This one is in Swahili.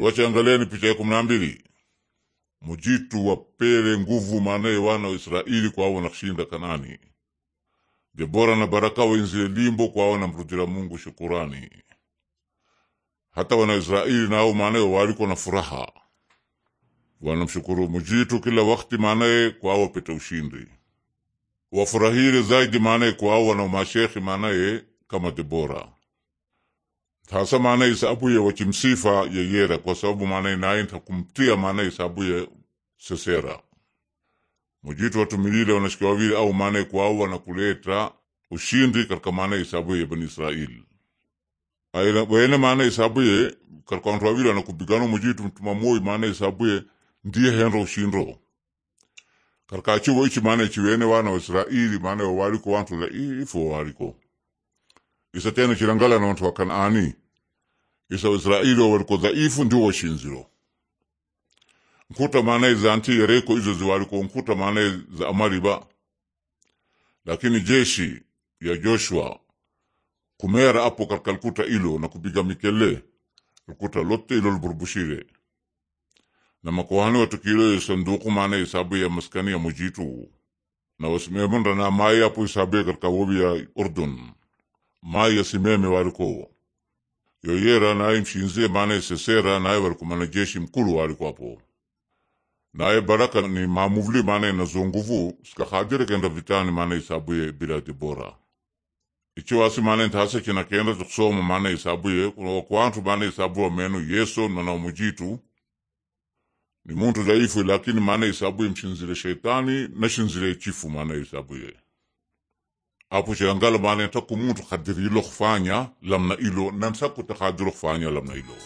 Luache angalieni picha ya kumi na mbili mujitu wapere nguvu maanaye wana wa Israeli wana kushinda Kanani. Debora na Baraka wainzile limbo kwawo mrudira Mungu shukurani. Hata wana Israeli nao maanaye waliko na furaha wanamshukuru mujitu kila wakati maanaye kwao pete ushindi wafurahire zaidi maanaye kwao wana mashekhi maanaye kama Debora tasa maana isabuye wachimsifa yeyera kwa sababu maana naye ntakumtia maana isabuye sesera mujitu watumilile wanashika wawili au maana kwauwa na kuleta ushindi katika mana isabuye ya bani Israili wene maana isabuye katika wantu wawili wanakubigana mujitu mtumamoi maana isabuye ndiye henro ushindro katika achiwo ichi maana ichiwene wana wa Israili maana wawaliko wantu la ifo wariko isa tena chilangala na watu wa Kanaani isa Israeli waliko dhaifu ndio washinzilo nkuta maanaye za anti Yeriko izo ziwaliko nkuta maanaye za amariba lakini jeshi ya Joshua kumera apo katika likuta ilo na kupiga mikele likuta lote ilo liburbushire na makohani watukilo sanduku maana isabu ya maskani ya mujitu na wasimemunda na maye apo isabu katika wobi ya Urdun mai maiyasimeme walikowo yoyera naye mshinzie maana sesera naye na jeshi mkulu walikwapo naye baraka ni mamuvuli maana nazonguvu sikahajire kenda vitani maana isabuye bila dibora Debora wasi maana ntase kina kenda tukusoma maana isabuye kuna kunaakwantu maana isabuwa meno yeso umujitu ni muntu dhaifu lakini maana isabuye mshinzile mshinzire na shinzile chifu maana isabuye apushiangalo maana takumutu kadiri ilo khufanya lamna ilo nansakute kadiri khufanya lamna ilo